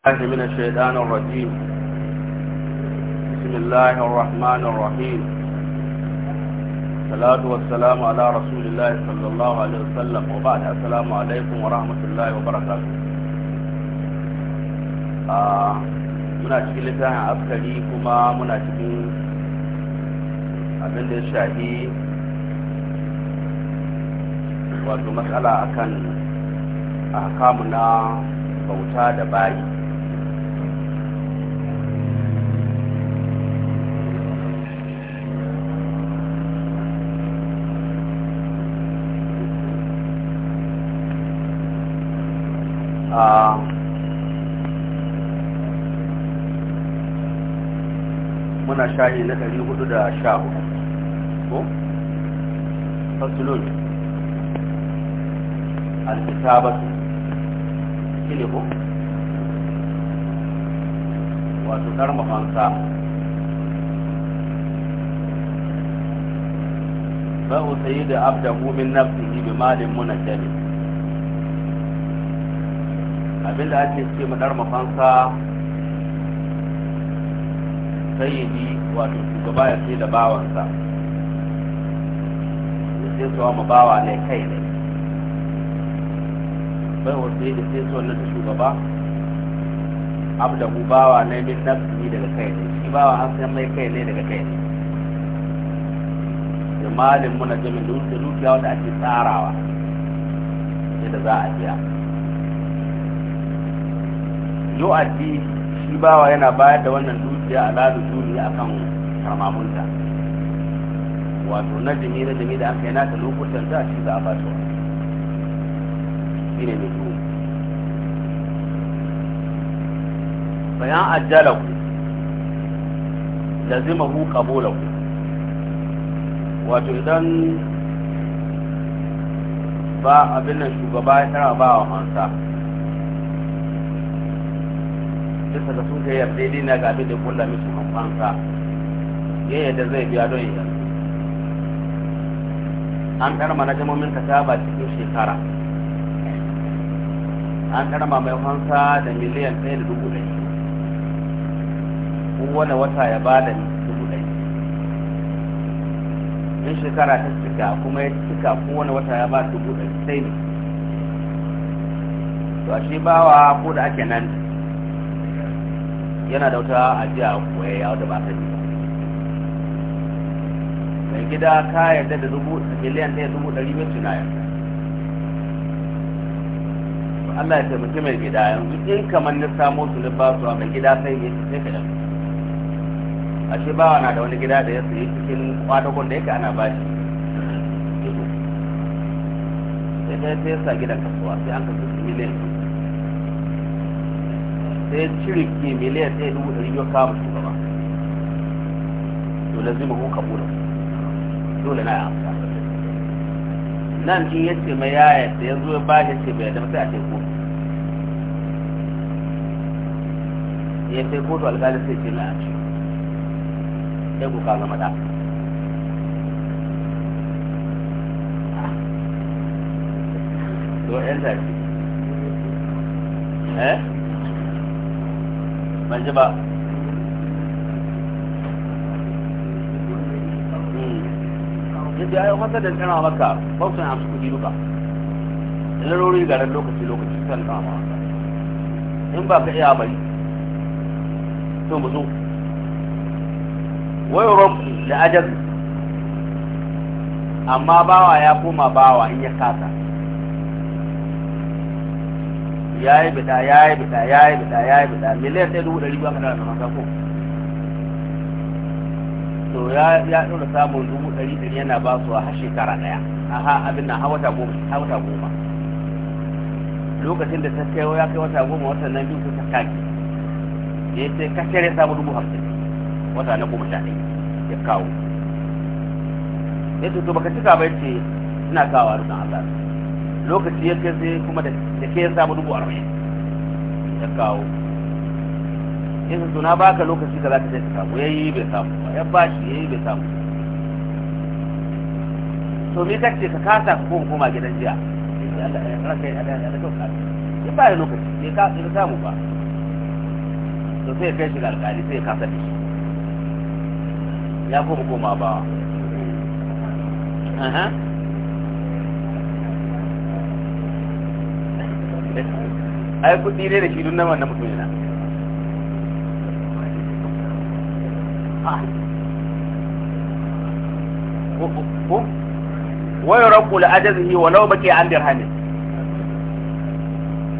الله من الشيطان الرجيم بسم الله الرحمن الرحيم الصلاة والسلام على رسول الله صلى الله عليه وسلم وبعد السلام عليكم ورحمة الله وبركاته muna cikin littafin askari kuma muna cikin abin da ya shahi wato matsala akan ahkamu na bauta da bayi muna shahi na 414 ko fasulun alkitabatu shine ko wato karma fansa ba'u sayyidu abdahu min nafsihi bi malin munajjali abinda ake ce madar mafansa sayyidi wato shugaba ya sai da bawansa ya sai su ma bawa ne kai ne bai wa sai da sai su na ta shugaba abdahu bawa ne min nafsi daga kai ne shi bawa an san mai kai ne daga kai ne da malin muna jami'in da wuce dukiya wanda ake tsarawa yadda za a biya yu'addi shi bawa yana bayar da wannan dukiya tafiya a ladu juli a kan karmamunta wato na jimi na jimi da aka yi nata lokutan ta shi za a ba ta shi ne mai tuhu bayan ajjala ku lazima hu kabola ku wato idan ba abin nan shugaba ya tara ba wa hansa bisa ga sun kai yarda dai na ga abin da kulla miki amfansa ya yadda zai biya don ya an karma na jamomin ba cikin shekara an karma mai hansa da miliyan ɗaya da dubu ɗari kowane wata ya ba da dubu ɗari in shekara ta cika kuma ya cika kowane wata ya ba dubu ɗari sai ne to shi bawa ko da ake nan yana da wata ajiya koyayya wadda ba ta mai gida ka yarda da dubu miliyan ɗaya dubu ɗari biyu tuna yarda Allah ya taimaki mai gida yanzu in kamar na samo su na basu a mai gida sai ya sai ka yanzu ashe bawa na da wani gida da ya sayi cikin kwadagon da yake ana bashi sai ta sai sa gidan kasuwa sai an kasu miliyan sai cire ke miliyan ɗaya dubu ɗari ya kama shugaba dole zai mahu kabula dole na amsa nan in ya ce mai yaya da ya zo ba shi ce bai da sai a teku ya kai kotu alƙalin sai ce na a ci ku kama zama to eh ban ji ba yadda eh. ya yi masa da tsira maka bautan a suku duka ga ran lokaci lokaci kan ma in ba ka iya bari to mu zo wai roƙi da ajabi amma bawa ya koma bawa in ya kasa ya yi bida ya yi bida ya yi bida ya yi bida miliyan ɗaya dubu ɗari biyar kana da mata ko to ya ya ɗora samun dubu ɗari ɗari yana ba su har shekara ɗaya aha abin nan har wata goma har wata goma lokacin da ta kai ya kai wata goma wata nan biyu ta kaki ya sai kashe ya samu dubu hamsin wata na goma sha ɗaya ya kawo ya to baka cika bai ce ina kawo a rukun Allah lokaci ya kai sai kuma da ke ya samu dubu arba'in ya kawo in suna baka lokaci da za ka sai ka samu ya yi bai samu ba ya ba shi ya yi bai samu to me kace ka kasa ko koma gidan jiya Allah ya raka ya da ya kauka ya ba lokaci ya ka ya samu ba to sai kai shi ga alƙali sai ya kasa da shi ya koma koma ba aha da ai kuɗi ne da shi dun nan na mutum yana ah. ko wai rabu la ajazihi wa law baki an dirhami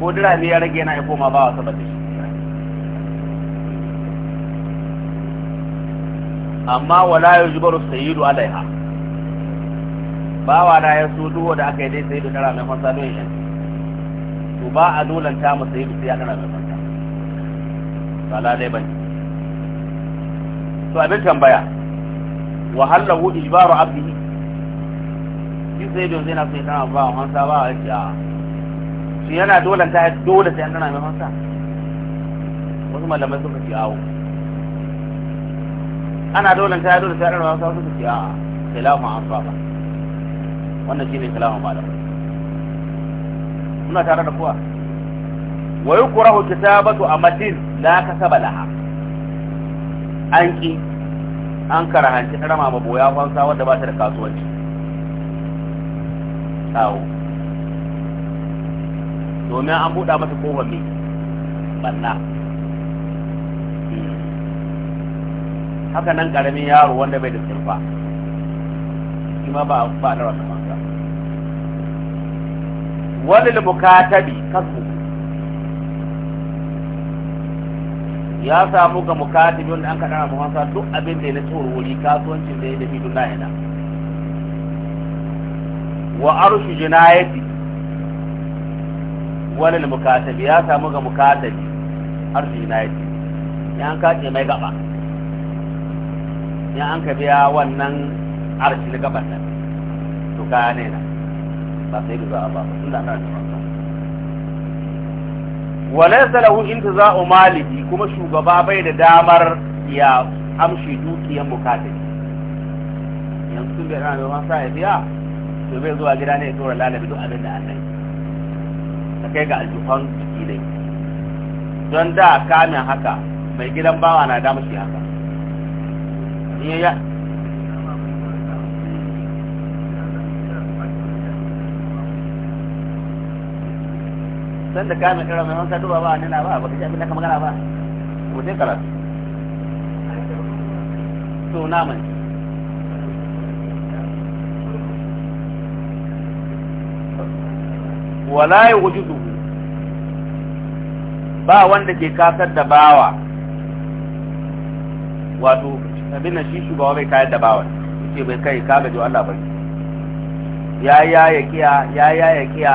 ko dira ne ya rage yana ya koma ba wa sabata shi amma wala yujbaru sayyidu alaiha bawa na ya so duwa da aka yi dai sayyidu tara mai fasa don yanzu to ba a dolanta masa yi sai ya kana da farka ba la dai bane to abin tambaya wa halahu ijbaru abdihi shi sai don zai na sai kana ba hansa ba a a shi yana dolanta dole sai an kana mai hansa wasu malamai suka ce awo ana dolanta dole sai an kana mai hansa suka ce a khilafa an ba, wannan ne kalama malamai suna tare da kowa wa yukrahu kitabatu amatin la kasaba laha an ki an karahanci karama ma boya fansa wadda ba ta da kasuwanci kawo domin an buɗa masa kofar ne banna haka nan ƙaramin yaro wanda bai da sirfa shi ma ba a lara ba walil mukatabi kasu ya samu ga mukatabi wanda an kaɗa mu hansa duk abin da ya na wuri kasuwancin da ya dafi bidun yana wa arshu jinayati walil mukatabi ya samu ga mukatabi arshu jinayati ya an kace mai gaba ya an ka biya wannan arshi na gaban nan to ka ne na ba sai da za a ba tunda ana da lahu intiza'u maliki kuma shugaba bai da damar ya amshi dukiyar mukatabi yanzu tun da yana da wasa ya biya to bai zuwa gida ne ya tura lalabi duk abin da annai ta kai ga aljufan jiki ne don da kamin haka mai gidan bawa na damar shi haka san da kana kira mai wanka duba ba na ba da ka magana ba ko sai to wala ya wujudu ba wanda ke kasar da bawa wato abin da shi shugaba bai kayar da bawa ce bai kai ka jo Allah bai ya ya ya kiya ya ya ya kiya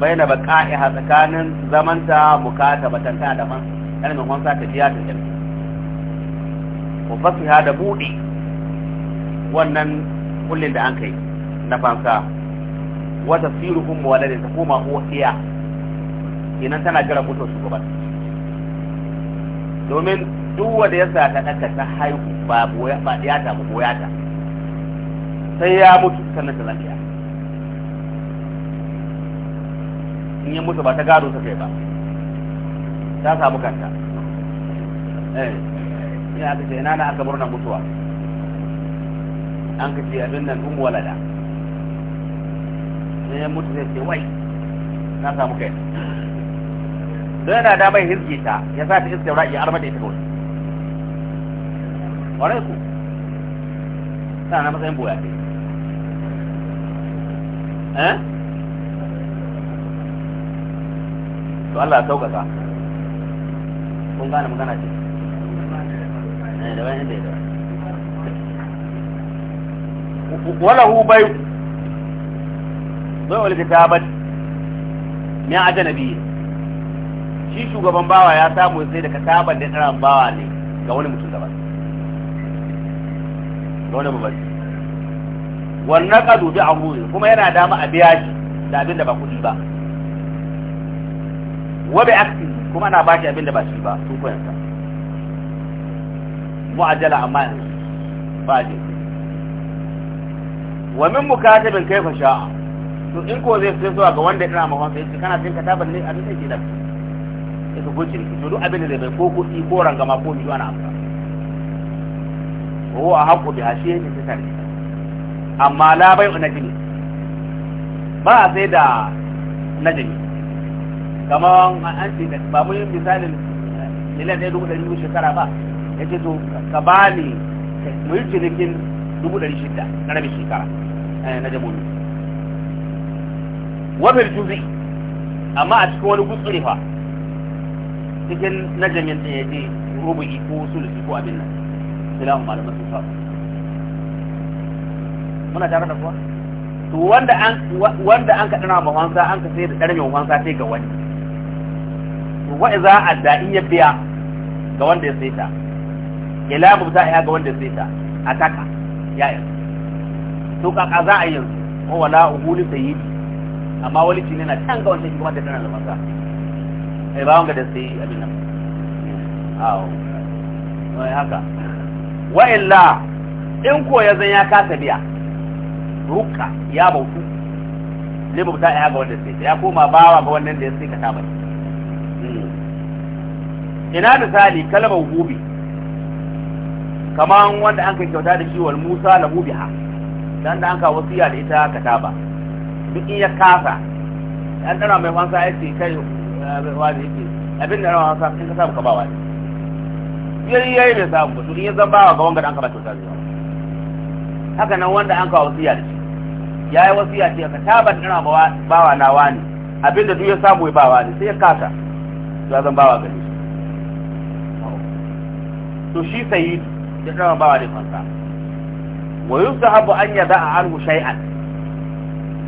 baina ha tsakanin zamanta bukata tanta da man kalmin wansa ta jiya ta jami wa fasiha da budi wannan kullin da an kai na fansa wa tafsiruhum waladin ta koma iya. idan tana jira su gaba domin duk wanda ya sa ta daka ta haihu ba boya ba ya ta boya ta sai ya mutu sannan ta lafiya in yi mutu ba ta gado ta kai ba ta samu kanta eh ina aka ce ina na aka murna mutuwa an kaji abin nan umu walada ne ya mutu zai ce wai na samu kai don yana da mai hirge ta ya sa ta iska ra'i har mata ita kawai ƙwarai ku tana na matsayin boya eh to Allah ya sauƙaƙa kun gane magana ce eh, da wani da ya walahu bai zai ta kitabat ne a janabi shi shugaban bawa ya samu sai daga taban da tsaron bawa ne ga wani mutum daban ga wani babban wannan kadu bi a kuma yana dama a biya shi da abin da ba kuɗi ba wa bi aksi kuma ana bashi abinda ba shi ba tun koyan sa mu'ajjala amma ba je wa min mukatabin kaifa sha'a to in ko zai sai zuwa ga wanda kana mahon sai kana tinka tabar ne abin da ke da ka ko cin to duk abin da zai bai ko kuɗi ko rangama ko biyu ana amsa ko a haƙo bi hashe ne ta tare amma la bai na jini ba sai da na jini kamar an ce ba mu yi misalin miliyan ɗaya dubu ɗari shekara ba ya ce to ka ba ni mu yi cinikin dubu ɗari shida na rabin shekara eh, na jamomi wafin juzi amma a cikin wani gutsuri fa cikin na jam'in ɗaya ce rubu'i ko sulusi ko abin nan filan malaman sun fasu muna tare da kuwa to wanda an wanda an ka dana an ka sai da darme mawansa sai ga wani to wa iza adda in ya biya ga wanda ya saita ila ya ga wanda ya saita ataka ya yi to ka za a yanzu ko wala uhuli sayyidi amma ci ne na can ga wanda shi kuma da tana da masa ai ba wanga da sai abin nan awo wai haka wa illa in ko ya zan ya kasa biya ruka ya bautu ne ya ga wanda ya saita ya koma bawa ga wannan da ya saita ta bai ina misali kalmar hubi kaman wanda an kai kyauta da shi wal musa la hubiha dan da an ka wasiya da ita kataba duk in ya kasa an dana mai wasa ya ce kai eh, wani yake abin da rawa sa kin ka samu ka ba wani yayi yayi bai samu to in ya zan bawa ga wanda an ka ba kyauta da haka nan wanda an ka wasiya da shi yayi wasiya ce ka taba dana bawa na wani abin da duk ya samu ya ba wani sai ya kasa ya zan bawa gare shi to shi sai ya zama bawa da fansa wa yusahabu an yada anhu shay'an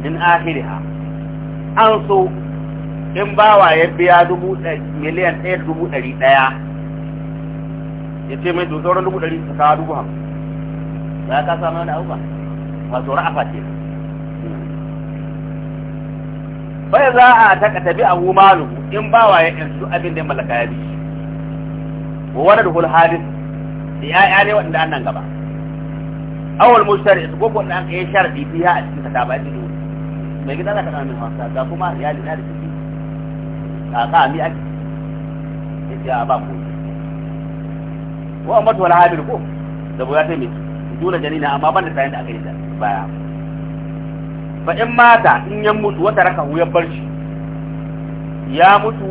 min akhiriha an so in bawa ya biya dubu miliyan ɗaya dubu ɗari ɗaya ya ce mai to dubu ɗari ka kawo dubu hamsin ya ka samu wani abu ba ba tsoron afa ce bai za a taka tabi a malu in wa ya insu abin da ya mallaka ya bi wani da hul hadis ya ne waɗanda annan gaba awal mushtari su gogo da an yi sharadi biya a cikin ta ba ji dole mai gida za ka kana min wasa ga kuma ya lina da ciki ka ka mi ake yace a ba ku wa amma to wal hadir ko da boya ta mi dole janina amma ban da sayan da aka yi da baya fa in mata in ya mutu wata raka ya bar shi ya mutu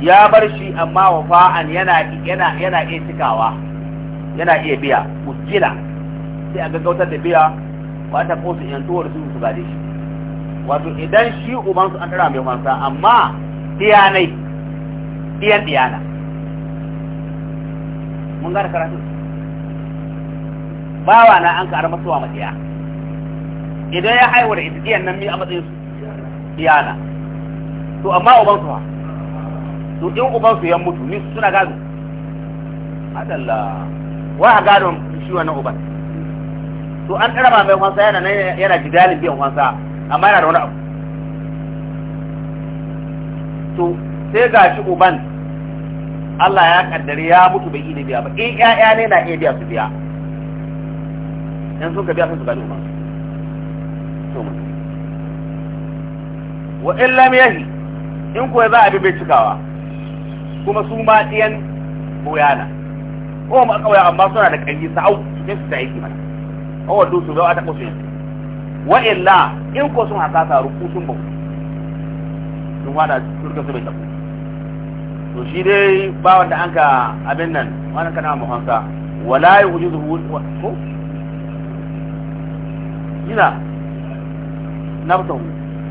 ya bar shi amma wafa'an yana yana yana iya cikawa yana iya biya ukila sai a gaggautar da biya wata kosu yantuwar su su gade shi wato idan shi uban su an tara mai wansa amma diyanai diyan diyana mun gane karatu bawa na an ka armasuwa matiya idan ya haihuwa da ita nan mi a matsayin su iyana to amma uban su ha to in uban su ya mutu ni suna gado adalla wa ha gado shi wannan uban to an karaba mai wansa yana nan yana jidalin biyan wansa amma yana da wani abu to sai ga shi uban Allah ya kaddare ya mutu bai yi da biya ba in ƴaƴa ne na iya biya su biya yanzu ka biya sun su gado uban wa in lam yahi in ko ba a bai cikawa kuma su ma tiyan boyana ko ma waya amma suna da kanyi sa'au ne su ta ki mana awa dusu da wata kusurin wa illa in ko sun hasasa ruku sun ba sun wada turka su bai tabu to shi dai ba wanda an ka abin nan wannan kana hanka wala yujizu ko ina naftahu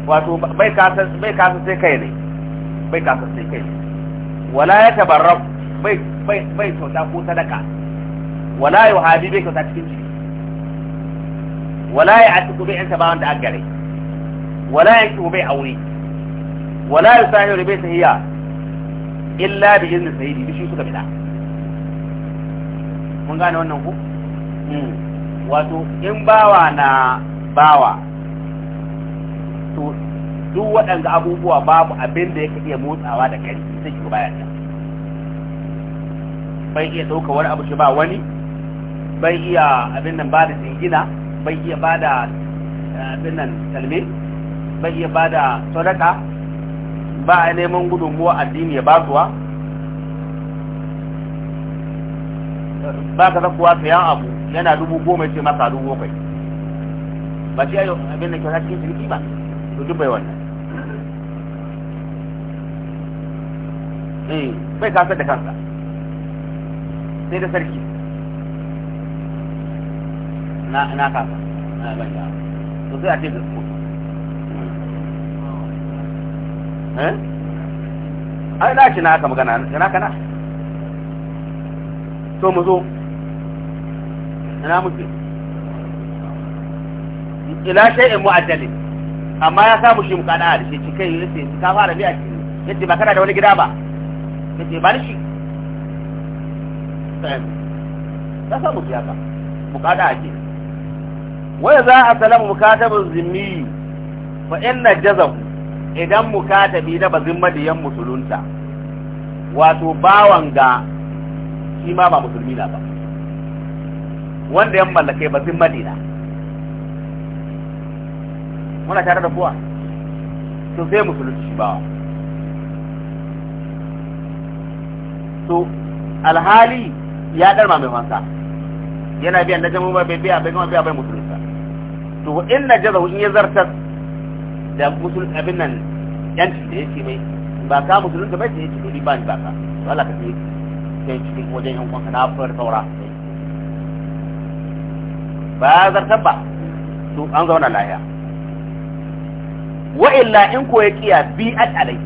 wato bai kasa bai kasa sai kai ne bai kasa sai kai wala ya tabarrab bai bai bai kyauta ko sadaka wala ya yuhabi bai kyauta cikin ciki wala ya atiku bai yanta ba da an gare wala ya kiwo bai aure wala ya sahiru bai sahiya illa bi izni sahidi bi shi suka bida mun gane wannan ku hmm. wato in bawa na bawa to duk waɗanda abubuwa babu abin da yake iya motsawa da kai sai shi bayan ta bai iya ɗauka wani abu shi ba wani bai iya abin nan ba da singina bai iya ba da eh, abin nan kalme bai iya ba da sadaka ba a neman gudunmuwa addini ya bazuwa ba ka zakuwa sayan abu yana dubu goma ce masa dubu bakwai ba shi abin da kyautar cikin ciniki ba to duk bai wannan eh bai kasar da kansa sai da sarki na na ka na ban da to sai a ce da su eh ai na shi na ka magana na kana to mu zo ina muke ila shay'in mu'ajjalin amma ya samu shi muka da shi ci kai yace ka fara biya shi yace ba kana da wani gida ba yace ba shi ta samu ka muka da shi wai za a salamu mukatabin zimmi fa inna jazahu idan mukatabi na bazin madiyan musulunta wato bawan ga shi ma ba musulmi na ba wanda ya mallakai bazin madina muna tare da kuwa to sai musulunci ba to alhali ya dar ma mai fansa yana biyan da jama'a bai biya bai gama biya bai musulunta to in na jaza in ya zarta da musulun abin nan yanci da yake mai ba ka musulun da bai da yake dole ba ni ba ka to Allah ka sai sai cikin wajen yan kwanka na fara taura ba zarta ba to an zauna lafiya wa illa in ko ya kiya bi at alai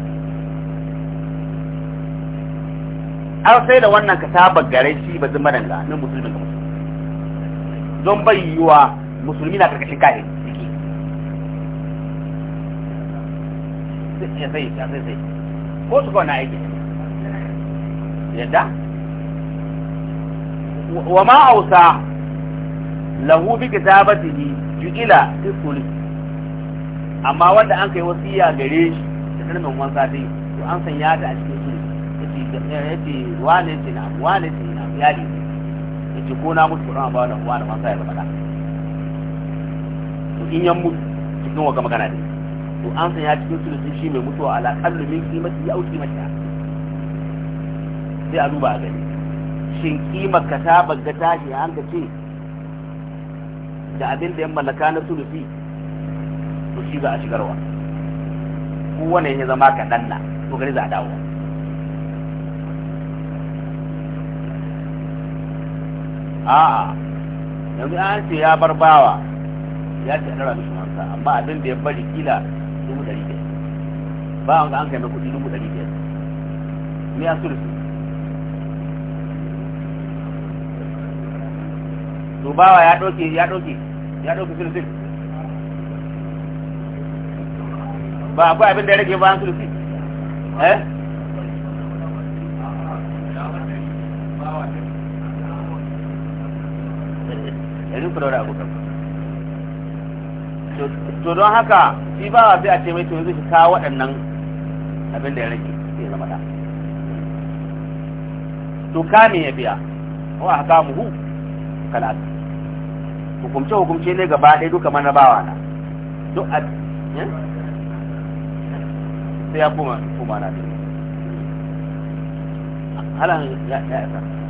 an sai da wannan katabar gare shi ba zama danga na musulmin ga don bai musulmi na karkashin kayan ciki sai sai sai ko su kwana aiki yadda wa ma ausa lahu bi kitabatihi ju'ila fi sulh amma wanda an kai wasiya gare shi da kalmin wansa dai to an san ya ta a cikin su yace wane ce na wane ce na yali yace ko na mutu ran ba da wani wansa ya faɗa to in yan mutu cikin wa magana ne to an san ya cikin su shi mai mutuwa ala kallu min kimati ya auki mata sai a duba a gani shin kimar ka ta bagga tashi an ka ce da abin da yan mallaka na sulusi kuci za a shigarwa ko wannan ya zama ka danna to gari za a dawo a'a yanzu an ce ya bar bawa ya ce ɗara mishi wansa amma abin da ya bari kila dubu ɗari biyar ba wanda an kai mai kuɗi dubu ɗari biyar ne ya sulhu to bawa ya ɗauke ya ɗauke ya ɗauke sulhu ba akwai abin da rage bayan sulusi eh yanzu ku daura abokan to don haka shi ba wa sai a ce mai to yanzu shi kawo waɗannan abin da ya rage sai zama da to kame ya biya wa haka muhu kalatu hukumce hukumce ne gaba ɗaya duka mana bawa na duk a eh? sai ya koma koma na halin ya ya